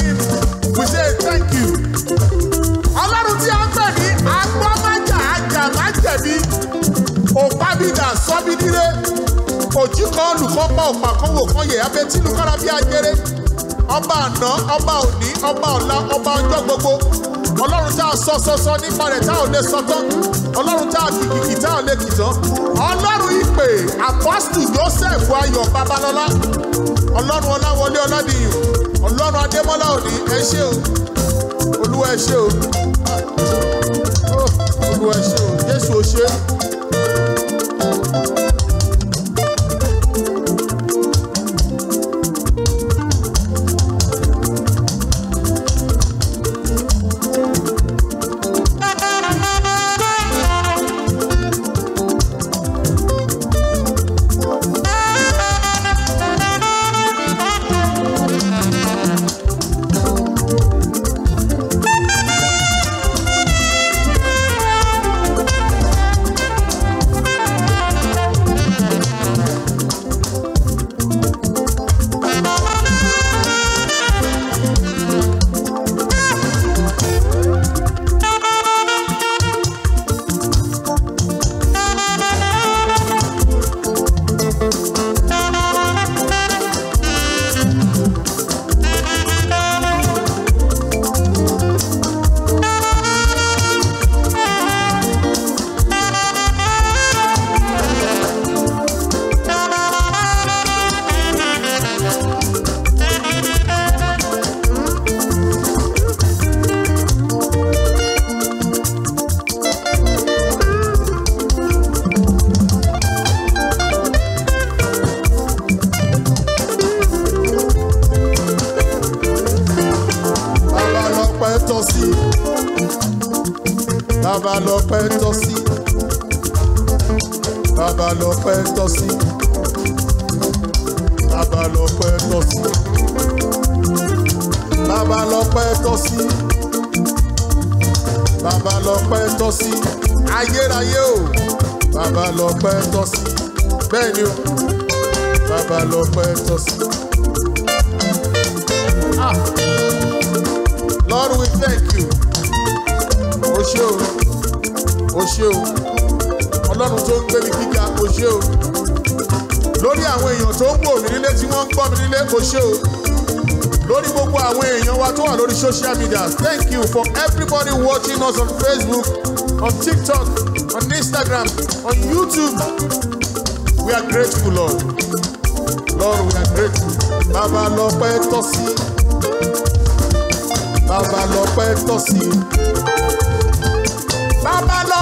him we say thank you. ọlọ́run tí a ń pè ní agbọ́májà àjàmájẹ̀bi òpábídà sọ́bídíre òjì kan olùkọ́ pa ọ̀pá kan wò kan yẹ̀yà bẹ́ẹ̀ tí lukọ́ra bí ajẹ́rẹ́ ọba àná ọba òní ọba ọ̀la ọba ọjọ́ gbogbo ọlọ́run tá a sọ sọ sọ nípa rẹ̀ tá a ò lè sọ tán ọlọ́run tá a kìkìkì tá a ò lè kì tán ọlọ́run ìpè apọ́sítù Joseph Ayọ̀ Babalọ́lá ọlọ́run Ọláwọlé Ọládìyàn ọlọ́run adémọ́lá òní ẹ ṣé o olúwa ẹ ṣé o ah, oh, olúwa ẹ ṣé o jésù o ṣé. o o ọlọ́run tó ń gbé mi gíga o lórí àwọn èèyàn tó ń wò mí nílé tí wọ́n ń gbọ́ mi nílé o o lórí gbogbo àwọn èèyàn wa tó wà lórí social media thank you for everybody watching us on Facebook on TikTok on Instagram on YouTube we are grateful Lord Lord we are grateful bàbá lọ́pẹ́ tọ́ sí bàbá lọ́pẹ́ tọ́ sí bàbá lọ.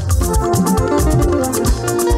Thank you.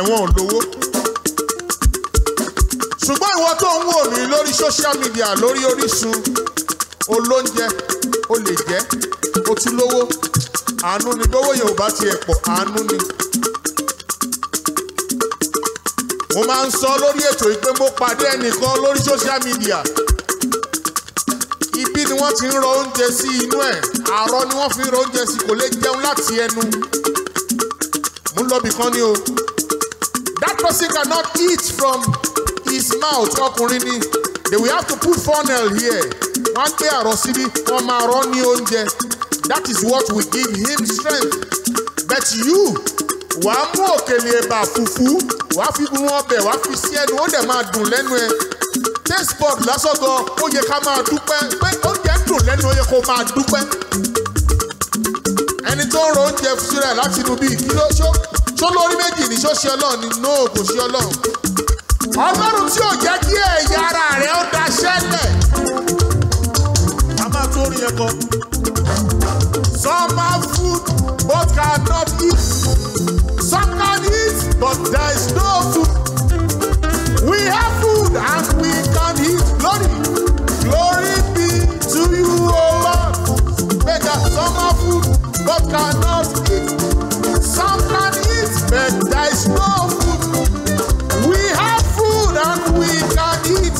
ẹ̀wọ̀n ò lówó. ṣùgbọ́n ìwọ tó ń wò mí lórí social media lórí Orísun olóúnjẹ o lè jẹ́ o tún lówó àánú ni lówó yẹn ò bá tiẹ̀ pọ̀ àánú ni. mo máa ń sọ lórí ètò yìí pé mo pàdé ẹnìkan lórí social media ibi ni wọ́n ti ń rọ oúnjẹ sí inú ẹ̀ àárọ̀ ni wọ́n fi ń rọ oúnjẹ sí kò lè jẹun láti ẹnu mo ń lọ bìkan ni o that person cannot eat from his mouth ọkùnrin ni they will have to put funnel here wọ́n á gbé àrọ síbí wọ́n máa rọ́ ní oúnjẹ that is what will give him strength but you wà á mú òkèlè ẹ̀bà fùfú wà á fi gun ọbẹ̀ wà á fi sí ẹnu ó dẹ̀ máa dùn lẹ́nu ẹ taste bud lásọ̀gọ̀ ó yẹ ká máa dúpẹ́ pé oúnjẹ dùn lẹ́nu ó yẹ kó máa dúpẹ́ ẹni tó ń ro oúnjẹ síra láti inú bíi kí ló ṣó tó lórí méjì ní ṣó ọlọ́run ni no kò ṣe ọlọ́run ọlọ́run tí ò jẹ́ kí ẹ̀yà ara rẹ̀ ó daṣẹ́ lẹ̀. a máa tó orin yẹn kọ. some have food but cannot eat some can eat but there is no food we have food and we can eat glory glory be to you o lord make i some have food but cannot eat is We have food and we can eat.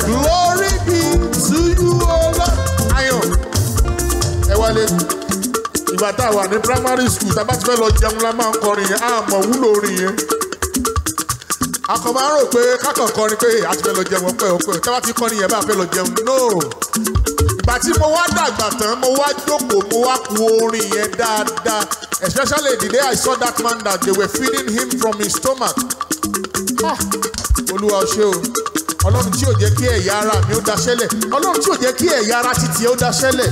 Glory be to you, O Lord. Ayọ̀ ẹ wálé. Ìgbà tá a wà ní primary school, tá a bá ti fẹ́ lọ jẹun la máa ń kọrin yẹn, a mọ̀ wúlò orin yẹn. Akọ̀ máa ń rò pé kákan kọrin pé a ti fẹ́ lọ jẹun ọpẹ́ ọpẹ́ tá a bá ti kọrin yẹn bá a fẹ́ lọ jẹun. No! Ìgbà tí mo wá dàgbà tán, mo wá jókòó, mo wá ku orin yẹn dáadáa. Especially the day I saw that man that they were feeding him from his stomach. Ah, Olúwa ṣé o. Ọlọ́run tí ò jẹ́ kí ẹ̀yà ara mi ó daṣẹ́lẹ̀. Ọlọ́run tí ò jẹ́ kí ẹ̀yà ara títì ó daṣẹ́lẹ̀.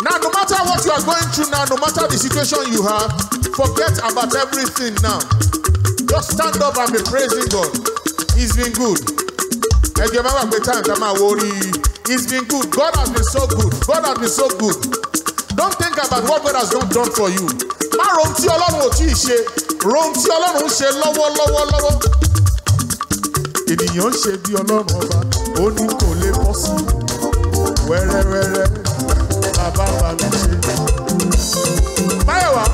Now no matter what you are going through now, no matter the situation you have, forget about everything now. Just stand up and be praising God. He's been good. Ẹ jẹ́ máa wà pé time tá máa wo He's been good. God has been so good. God has been so good don't think about what God has not done for you. má rohun tí ọlọ́run ò tíì ṣe rohun tí ọlọ́run ń ṣe lọ́wọ́lọ́wọ́ lọ́wọ́. ènìyàn ń ṣe bí ọlọ́run ọba ó ní kò lè bọ́ sí wẹ́rẹ́wẹ́rẹ́ bàbá bá mi ṣe. báyọ̀wá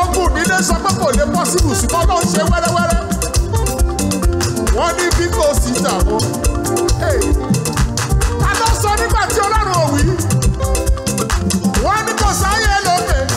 ogun nílé sọ pé kò lè bọ́ sí ṣùgbọ́n náà ń ṣe wẹ́rẹ́wẹ́rẹ́. wọ́n ní bí kò sí tàwọn. ta nígbà tí ọlọ́run omi tó sáyé ló pè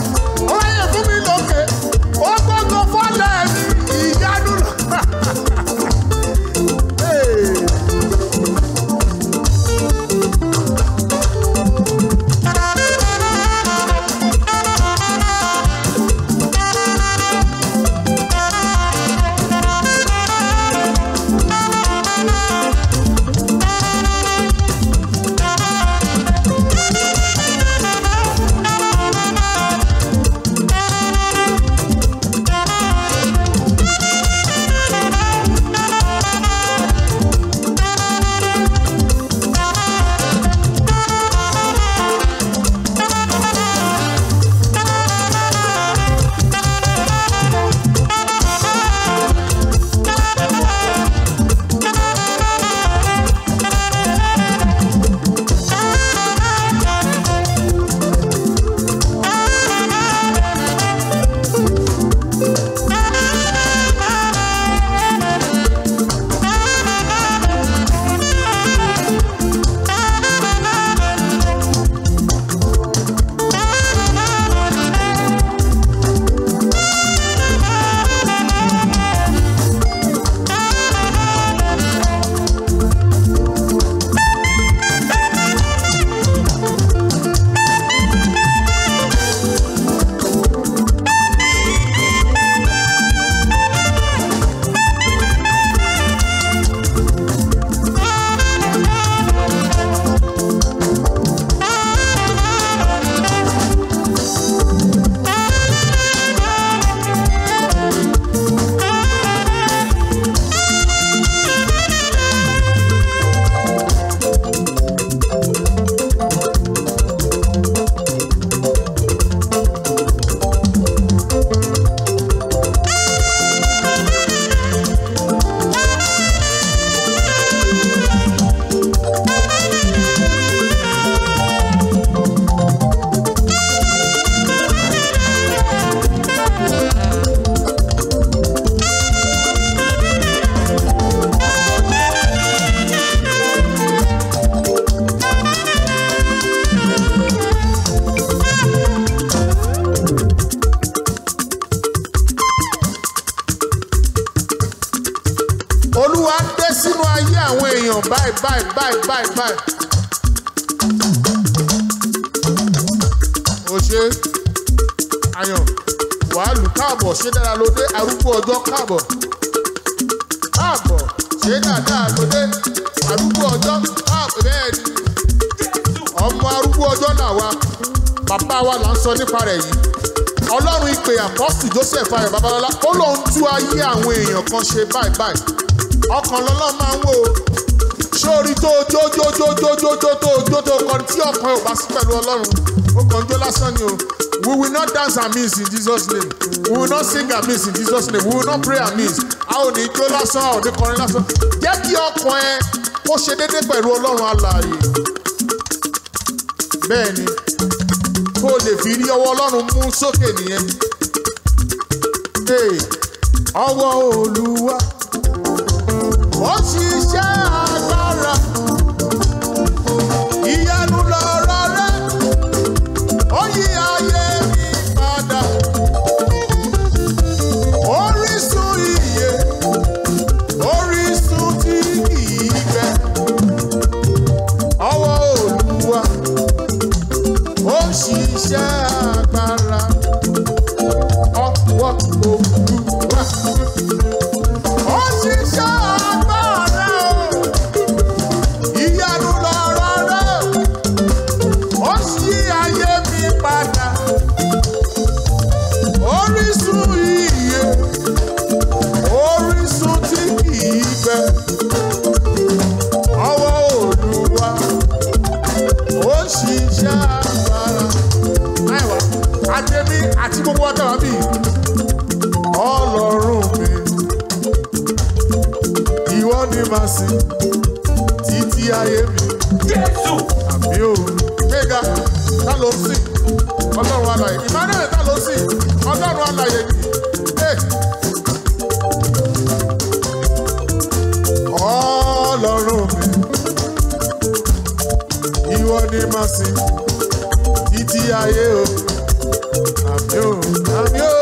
ṣe báyìí báyìí ọkàn lọ́lọ́ máa ń wò ó sórí tó jójójójójójó tó jó tó kọrin tí ọkàn ò bá sí pẹ̀lú ọlọ́run ó kàn jó lásán ni o we will not dance miss in Jesus name we will not sing miss in Jesus name we will not pray amiss a ò ní jó lásán a ò ní kọrin lásán jẹ́ kí ọkàn ẹ kó ṣe déédéé pẹ̀lú ọlọ́run alààyè bẹ́ẹ̀ ni kó o lè fi rí ọwọ́ ọlọ́run mú sókè nìyẹn. Hey ọwọ́ Olúwa ó ṣiṣẹ́ àwọn. ọlọ́run alàyè Emmanuel ta ló sì ọlọ́run alàyè ni. ọlọ́run mi ìwọ ni màá sìn ayé o àmì o àmì o.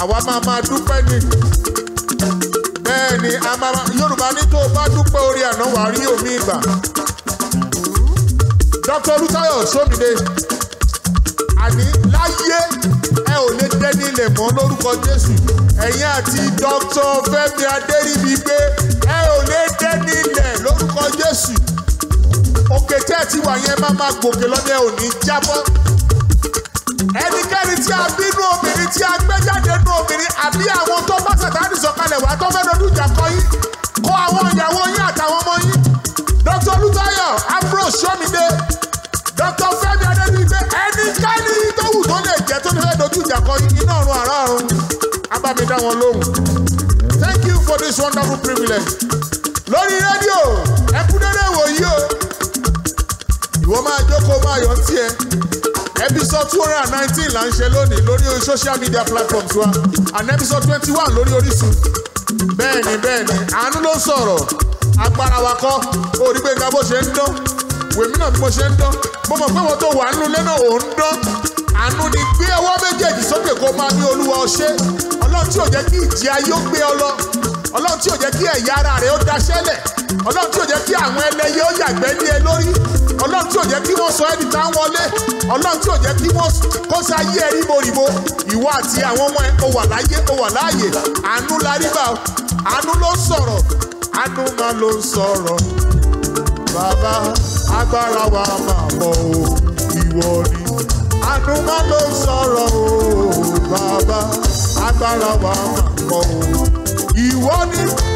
àwa máa máa dúpẹ́ ni bẹ́ẹ̀ ni a máa Yorùbá ní tó o bá dúpẹ́ orí àná wàá rí omi ìgbà Dr. Olútáyọ̀ Sómìdé àní láyé ẹ ò lè dẹ́ni ilẹ̀ mọ́ lórúkọ Jésù ẹ̀yin àti Dr. Fẹ́mi Adéríbigbé ẹ ò lè dẹ́ni ilẹ̀ lórúkọ Jésù òkè tẹ́ ẹ ti wà yẹn má máa gòkè lọ́dẹ òní jábọ́ ẹnikẹ́ni tí a bí obìnrin tí a gbé jáde nú obìnrin àbí àwọn tó bá Sàtánì sọ̀kalẹ̀ wá tó fẹ́ dojú ìjà kọ yín kó àwọn ìyàwó yín àtàwọn ọmọ yín Dr. Olútáyọ̀ Afro Ṣọ́mídé Dr. Fẹ́mi Adébíyí ẹnikẹ́ni tó wù tó lè jẹ́ tó fẹ́ dojú ìjà kọ yín iná ọ̀run àrà ọ̀run abámi dá wọn lóhùn Thank you for this wonderful privilege lórí rédíò ẹkúndéré wòyí o ìwọ máa jókòó máa yọ tiẹ̀ episode two hundred and nineteen là ń ṣe lónìí lórí social media platforms wa and episode twenty one lórí Orísun bẹ́ẹ̀ ni bẹ́ẹ̀ ni àánú ló sọ̀rọ̀ agbára wa kọ́ orí pé nǹkan bó ṣe ń dán wèmí náà bí mo ṣe ń dán mo mọ̀ pé wọ́n tó wà nínú ilé náà ò ń dán àánú ni gbé ọwọ́ méjèèjì sókè kó máa ní olúwa ọṣẹ́ ọlọ́run tí ò jẹ́ kí ìjì ayé ó gbé ọ lọ ọlọ́run tí ò jẹ́ kí ẹ̀yà ara rẹ̀ ó daṣẹ́lẹ̀ ọlọ́run tí ò jẹ́ kí àwọn ẹlẹ́yẹ ó yàgbẹ́ ní ẹ lórí ọlọ́run tí ò jẹ́ kí wọ́n sọ ẹni tá ń wọlé ọlọ́run tí ò jẹ́ kí wọ́n kó sáyé ẹ ríboríbo ìwọ àti àwọn ọmọ ẹ ó wà láyé ó wà láàyè àánú la rí gbà àánú ló ń sọ̀rọ̀ àánú máa ló ń sọ̀rọ̀ bàbá agbára wa máa pọ̀ o ìwọ ni àánú máa ló ń sọ̀rọ̀ o bàbá agbára wa máa pọ̀ o ìwọ ni.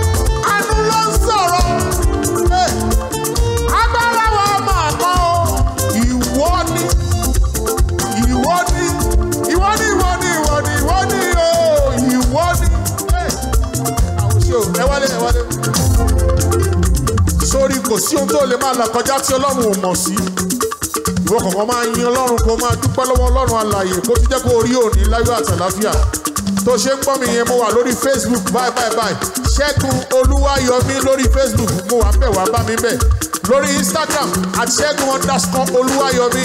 wọlé. sórí kò sí ohun tó lè máa là kọjá tí ọlọ́run ò mọ̀ sí. ìwọ kọ̀ọ̀kan máa yin ọlọ́run kó máa dúpẹ́ lọ́wọ́ ọlọ́run alààyè kó ti jẹ́ kó orí òní láyọ̀ àtàláfíà. tó ṣe ń gbọ́ mi yẹn mo wà lórí Facebook bye bye bye ṣẹ́gun olúwayọ̀mí lórí Facebook mo wà bẹ̀ wá bá mi bẹ̀ lórí Instagram àti ṣẹ́gun underscore olúwayọ̀mí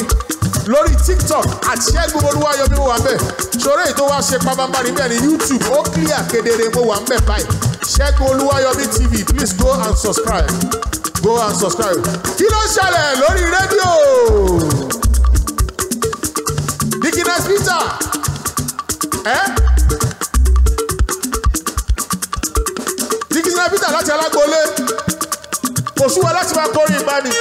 lórí tiktok àti ṣẹ́gun olúwayọ̀mí mo wà ń bẹ̀ ṣoré èyí tó wá ṣe pàmàmàrí bẹ́ẹ̀ ni youtube ó clear kedere mo wà ń bẹ̀ báyìí ṣẹ́gun olúwayọ̀mí tv please go and subscribe go and subscribe kí ló ṣẹlẹ̀ lórí rédíò dikines peter ẹ́ dikines peter láti alágbólé kò súwa láti máa kọrin ìbáni.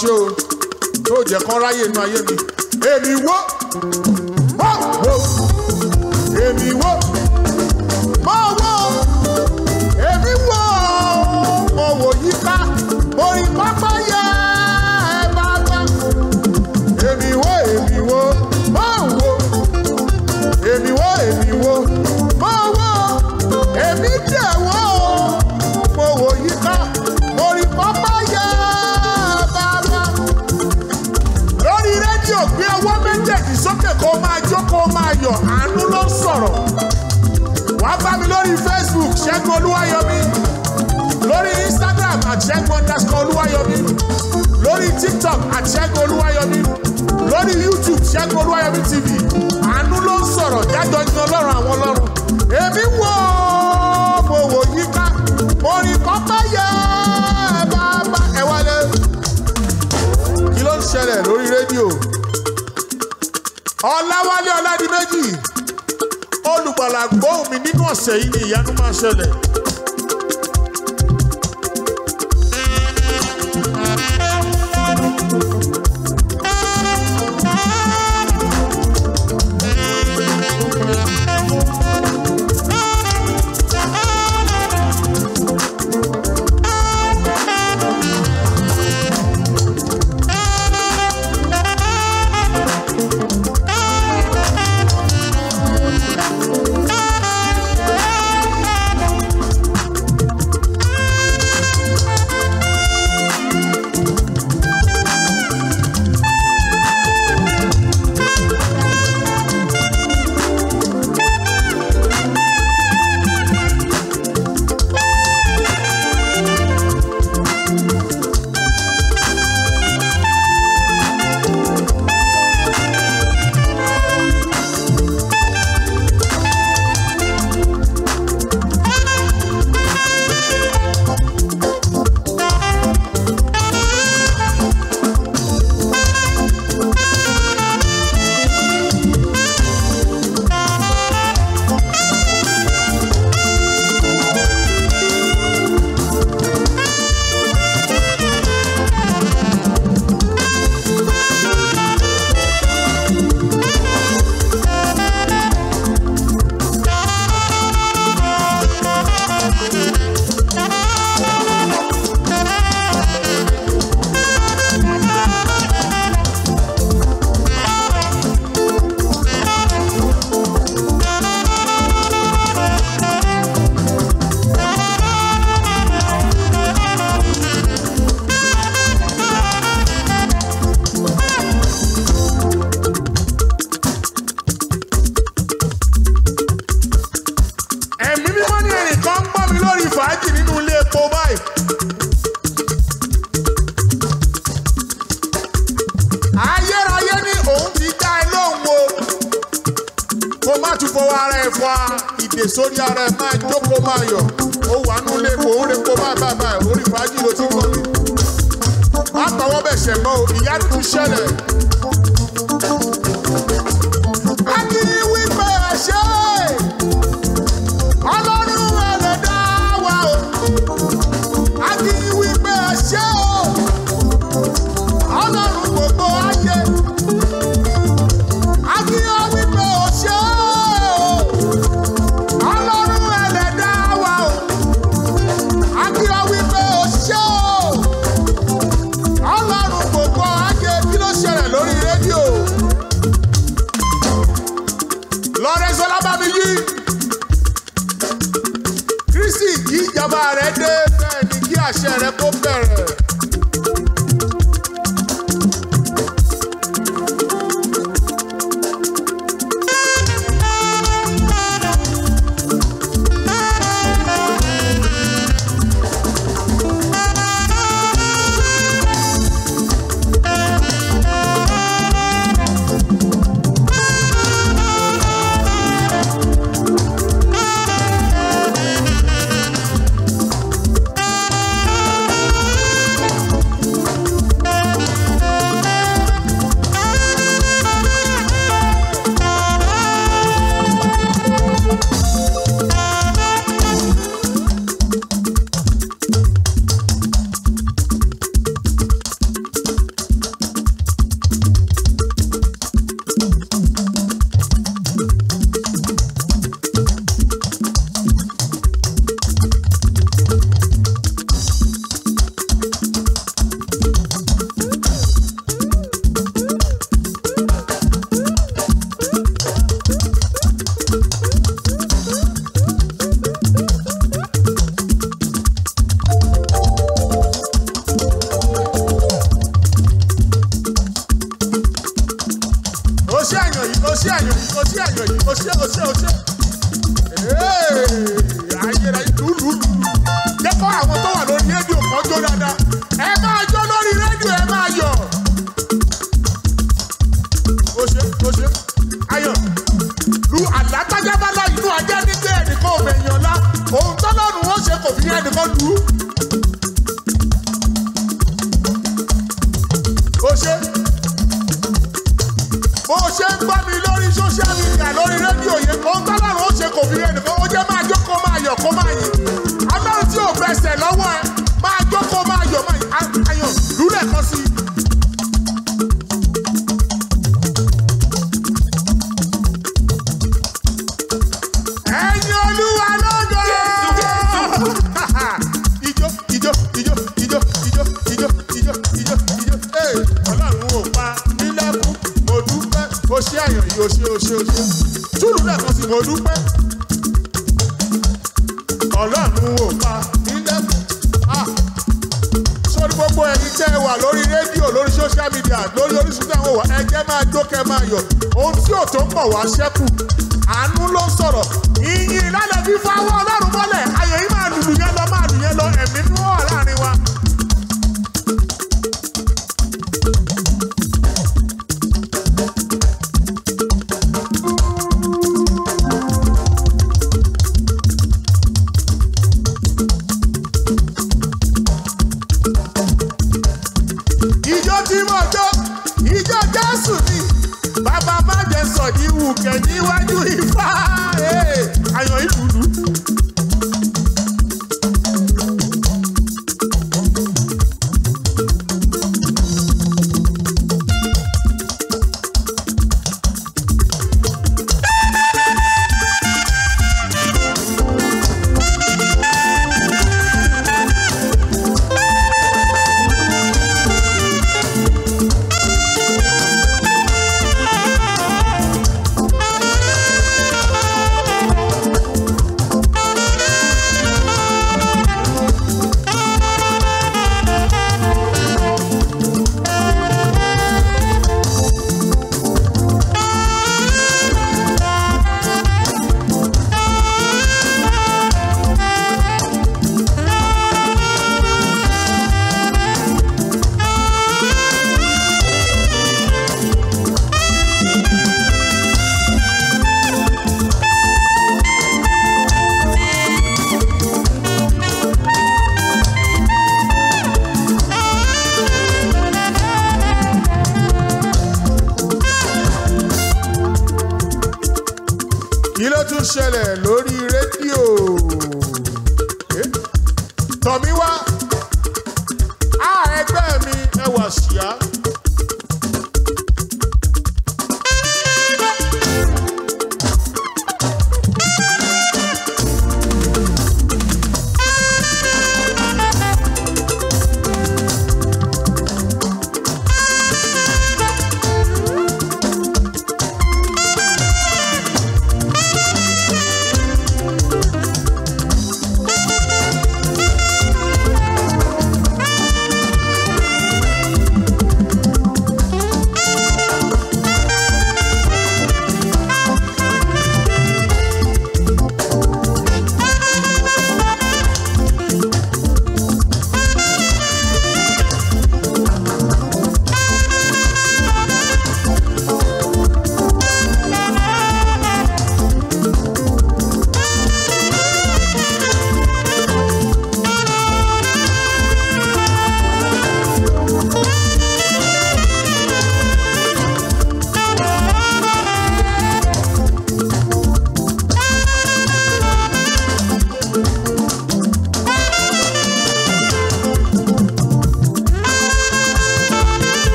ṣe o tó jẹ́ kọ́ ráyè inú ayé mi èmi wó. máa yọ̀ àánú ló ń sọ̀rọ̀ wá bá mi lórí Facebook ṣẹ́gun olúwayọ̀mí lórí Instagram àṣẹ́gun underscore olúwayọ̀mí lórí TikTok àṣẹ́gun olúwayọ̀mí lórí YouTube ṣẹ́gun olúwayọ̀mí TV àánú ló ń sọ̀rọ̀ jájọ ní ọlọ́run àwọn ọlọ́run èmi wò ó mo wò yíká mo rí kọ́pẹ́ yẹ bá bá ẹ wálé kí ló ń ṣẹlẹ̀ lórí rédíò ọláwálé ọládìmẹ́jì olùgbàlà gbóhùn mi ọ̀sẹ̀ yìí ni ìyanu máa ṣẹlẹ̀. social media lórí Orísun àwọn wà ẹjẹ́ máa jó kẹ́ máa yọ̀ ohun tí ò tó ń bọ̀ wá ṣẹ́kù àánú ló ń sọ̀rọ̀ ìyìn ìlànà fífọwọ́ ọlọ́run mọ́lẹ̀ ayọ̀ yìí máa lùlù yẹn lọ máa lù lọ ẹ̀mí nú ọ̀ láàrin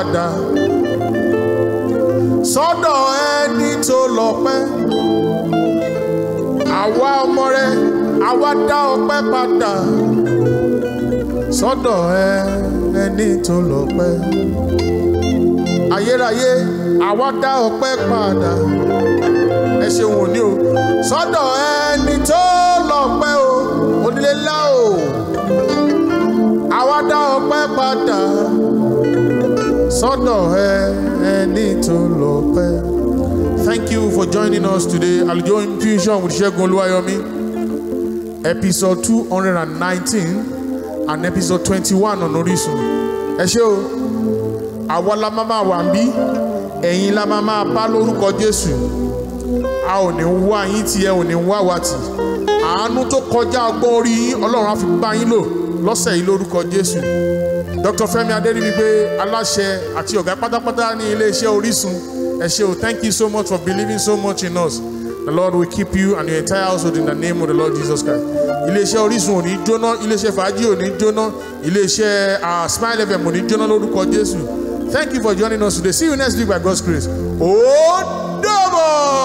padà sọ́dọ̀ ẹni tó lọ́pẹ́ àwa ọmọ rẹ àwa dá ọpẹ́ padà sọ́dọ̀ ẹni tó lọ́pẹ́ ayérayé àwa dá ọpẹ́ padà ẹ ṣeun òní o sọ́dọ̀ ẹni tó lọ́pẹ́ o onílé o àwa dá ọpẹ́ padà sọ́dọ̀ ẹ ẹni tó lọ pẹ́. Thank you for joining us today. Àlùjọ Infusion with Ṣẹ́gun Olúwayọ̀mí. Episode two hundred and nineteen and episode twenty-one on Orísun. Ẹ ṣé o, àwa la máa máa wà ń bí, ẹ̀yin la máa máa bá lórúkọ Jésù. A ò ní wá yín tí ẹ ò ní wá wa tì. Àánú tó kọjá ọgbọ́n orí yín Ọlọ́run á fi bá yín lò lọ́sẹ̀ yìí lórúkọ Jésù. Dr. Femi Adeniyipe aláṣẹ àti ọ̀gá pátápátá ní iléeṣẹ́ Orísun ẹ ṣé o thank you so much for believing so much in us the Lord will keep you and your entire household in the name of the Lord Jesus Christ iléeṣẹ́ Orísun ò ní jóná iléeṣẹ́ fàájì ò ní jóná iléeṣẹ́ Smile FM ò ní jóná lórúkọ Jésù thank you for joining us today see you next week by God's grace ó dọ̀bọ̀.